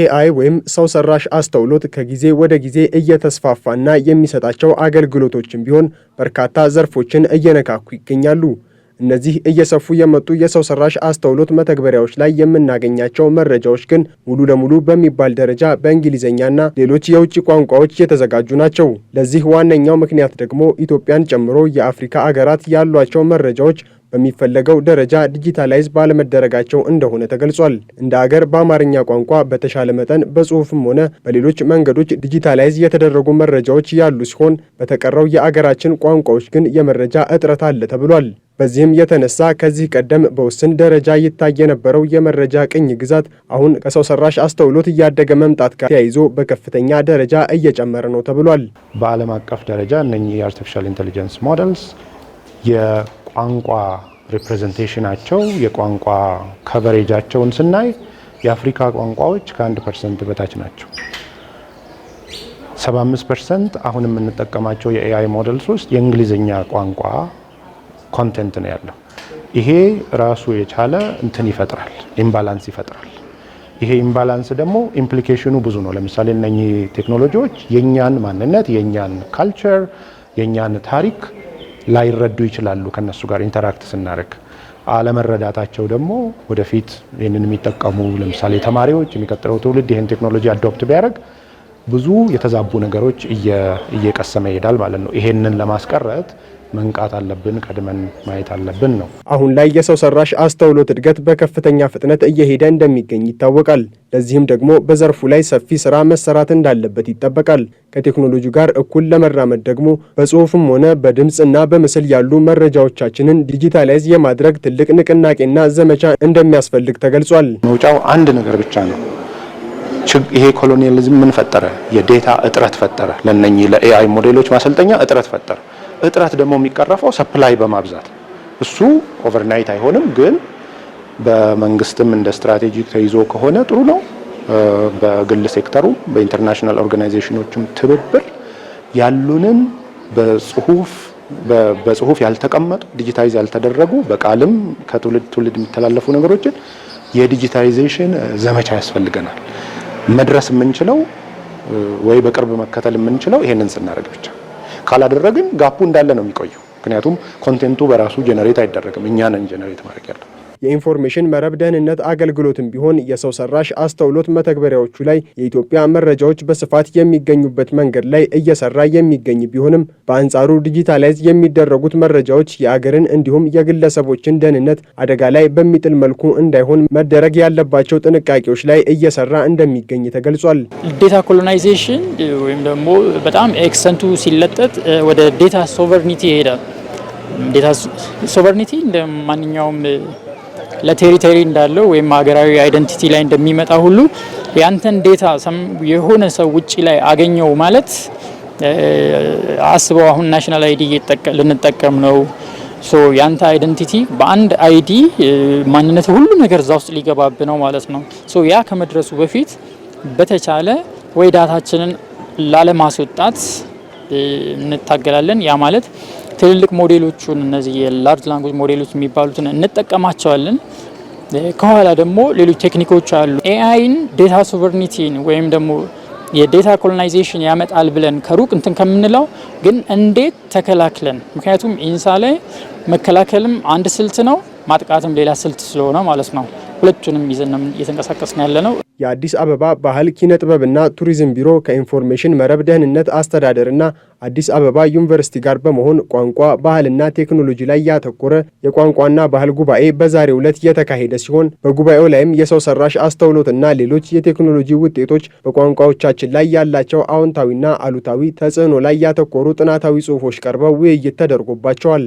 ኤአይ ወይም ሰው ሰራሽ አስተውሎት ከጊዜ ወደ ጊዜ እየተስፋፋና የሚሰጣቸው አገልግሎቶችን ቢሆን በርካታ ዘርፎችን እየነካኩ ይገኛሉ። እነዚህ እየሰፉ የመጡ የሰው ሰራሽ አስተውሎት መተግበሪያዎች ላይ የምናገኛቸው መረጃዎች ግን ሙሉ ለሙሉ በሚባል ደረጃ በእንግሊዝኛና ሌሎች የውጭ ቋንቋዎች የተዘጋጁ ናቸው። ለዚህ ዋነኛው ምክንያት ደግሞ ኢትዮጵያን ጨምሮ የአፍሪካ አገራት ያሏቸው መረጃዎች በሚፈለገው ደረጃ ዲጂታላይዝ ባለመደረጋቸው እንደሆነ ተገልጿል። እንደ አገር በአማርኛ ቋንቋ በተሻለ መጠን በጽሁፍም ሆነ በሌሎች መንገዶች ዲጂታላይዝ የተደረጉ መረጃዎች ያሉ ሲሆን በተቀረው የአገራችን ቋንቋዎች ግን የመረጃ እጥረት አለ ተብሏል። በዚህም የተነሳ ከዚህ ቀደም በውስን ደረጃ ይታይ የነበረው የመረጃ ቅኝ ግዛት አሁን ከሰው ሰራሽ አስተውሎት እያደገ መምጣት ጋር ተያይዞ በከፍተኛ ደረጃ እየጨመረ ነው ተብሏል። በዓለም አቀፍ ደረጃ እነኚህ የአርቲፊሻል ኢንቴሊጀንስ ሞዴልስ የቋንቋ ሪፕሬዘንቴሽናቸው የቋንቋ ከቨሬጃቸውን ስናይ የአፍሪካ ቋንቋዎች ከአንድ ፐርሰንት በታች ናቸው። 75 ፐርሰንት አሁን የምንጠቀማቸው የኤአይ ሞዴልስ ውስጥ የእንግሊዝኛ ቋንቋ ኮንቴንት ነው ያለው። ይሄ ራሱ የቻለ እንትን ይፈጥራል፣ ኢምባላንስ ይፈጥራል። ይሄ ኢምባላንስ ደግሞ ኢምፕሊኬሽኑ ብዙ ነው። ለምሳሌ እነኚህ ቴክኖሎጂዎች የእኛን ማንነት፣ የእኛን ካልቸር፣ የእኛን ታሪክ ላይረዱ ይችላሉ። ከነሱ ጋር ኢንተራክት ስናደርግ አለመረዳታቸው ደግሞ ወደፊት ይህንን የሚጠቀሙ ለምሳሌ ተማሪዎች፣ የሚቀጥለው ትውልድ ይህን ቴክኖሎጂ አዶፕት ቢያደርግ ብዙ የተዛቡ ነገሮች እየቀሰመ ይሄዳል ማለት ነው። ይሄንን ለማስቀረት መንቃት አለብን፣ ቀድመን ማየት አለብን ነው። አሁን ላይ የሰው ሰራሽ አስተውሎት እድገት በከፍተኛ ፍጥነት እየሄደ እንደሚገኝ ይታወቃል። ለዚህም ደግሞ በዘርፉ ላይ ሰፊ ስራ መሰራት እንዳለበት ይጠበቃል። ከቴክኖሎጂ ጋር እኩል ለመራመድ ደግሞ በጽሁፍም ሆነ በድምፅና በምስል ያሉ መረጃዎቻችንን ዲጂታላይዝ የማድረግ ትልቅ ንቅናቄና ዘመቻ እንደሚያስፈልግ ተገልጿል። መውጫው አንድ ነገር ብቻ ነው። ይሄ ኮሎኒያሊዝም ምን ፈጠረ? የዴታ እጥረት ፈጠረ። ለነኚህ ለኤአይ ሞዴሎች ማሰልጠኛ እጥረት ፈጠረ። እጥረት ደግሞ የሚቀረፈው ሰፕላይ በማብዛት እሱ ኦቨርናይት አይሆንም፣ ግን በመንግስትም እንደ ስትራቴጂ ተይዞ ከሆነ ጥሩ ነው። በግል ሴክተሩ በኢንተርናሽናል ኦርጋናይዜሽኖችም ትብብር ያሉንን በጽሁፍ በጽሁፍ ያልተቀመጡ ዲጂታይዝ ያልተደረጉ በቃልም ከትውልድ ትውልድ የሚተላለፉ ነገሮችን የዲጂታይዜሽን ዘመቻ ያስፈልገናል። መድረስ የምንችለው ወይ በቅርብ መከተል የምንችለው ይሄንን ስናደርግ ብቻ ካላደረግን ጋፑ እንዳለ ነው የሚቆየው። ምክንያቱም ኮንቴንቱ በራሱ ጀነሬት አይደረግም፣ እኛ ነን ጀነሬት ማድረግ ያለ የኢንፎርሜሽን መረብ ደህንነት አገልግሎትም ቢሆን የሰው ሰራሽ አስተውሎት መተግበሪያዎቹ ላይ የኢትዮጵያ መረጃዎች በስፋት የሚገኙበት መንገድ ላይ እየሰራ የሚገኝ ቢሆንም በአንጻሩ ዲጂታላይዝ የሚደረጉት መረጃዎች የአገርን እንዲሁም የግለሰቦችን ደህንነት አደጋ ላይ በሚጥል መልኩ እንዳይሆን መደረግ ያለባቸው ጥንቃቄዎች ላይ እየሰራ እንደሚገኝ ተገልጿል። ዴታ ኮሎናይዜሽን ወይም ደግሞ በጣም ኤክሰንቱ ሲለጠጥ ወደ ዴታ ሶቨርኒቲ ይሄዳል። ዴታ ሶቨርኒቲ እንደ ማንኛውም ለቴሪቶሪ እንዳለው ወይም ሀገራዊ አይደንቲቲ ላይ እንደሚመጣ ሁሉ ያንተን ዴታ የሆነ ሰው ውጭ ላይ አገኘው ማለት አስበው አሁን ናሽናል አይዲ ልንጠቀም ነው። ሶ ያንተ አይደንቲቲ በአንድ አይዲ ማንነት ሁሉ ነገር እዛ ውስጥ ሊገባብ ነው ማለት ነው። ሶ ያ ከመድረሱ በፊት በተቻለ ወይ ዳታችንን ላለማስወጣት እንታገላለን። ያ ማለት ትልልቅ ሞዴሎቹን እነዚህ የላርጅ ላንጉጅ ሞዴሎች የሚባሉትን እንጠቀማቸዋለን። ከኋላ ደግሞ ሌሎች ቴክኒኮች አሉ። ኤአይን ዴታ ሶቨርኒቲን ወይም ደግሞ የዴታ ኮሎናይዜሽን ያመጣል ብለን ከሩቅ እንትን ከምንለው ግን እንዴት ተከላክለን፣ ምክንያቱም ኢንሳ ላይ መከላከልም አንድ ስልት ነው፣ ማጥቃትም ሌላ ስልት ስለሆነ ማለት ነው። ሁለቱንም ይዘን እየተንቀሳቀስን ያለ ነው። የአዲስ አበባ ባህል ኪነ ጥበብና ቱሪዝም ቢሮ ከኢንፎርሜሽን መረብ ደህንነት አስተዳደርና አዲስ አበባ ዩኒቨርሲቲ ጋር በመሆን ቋንቋ ባህልና ቴክኖሎጂ ላይ ያተኮረ የቋንቋና ባህል ጉባኤ በዛሬ ዕለት የተካሄደ ሲሆን በጉባኤው ላይም የሰው ሰራሽ አስተውሎትና ሌሎች የቴክኖሎጂ ውጤቶች በቋንቋዎቻችን ላይ ያላቸው አዎንታዊና አሉታዊ ተጽዕኖ ላይ ያተኮሩ ጥናታዊ ጽሑፎች ቀርበው ውይይት ተደርጎባቸዋል።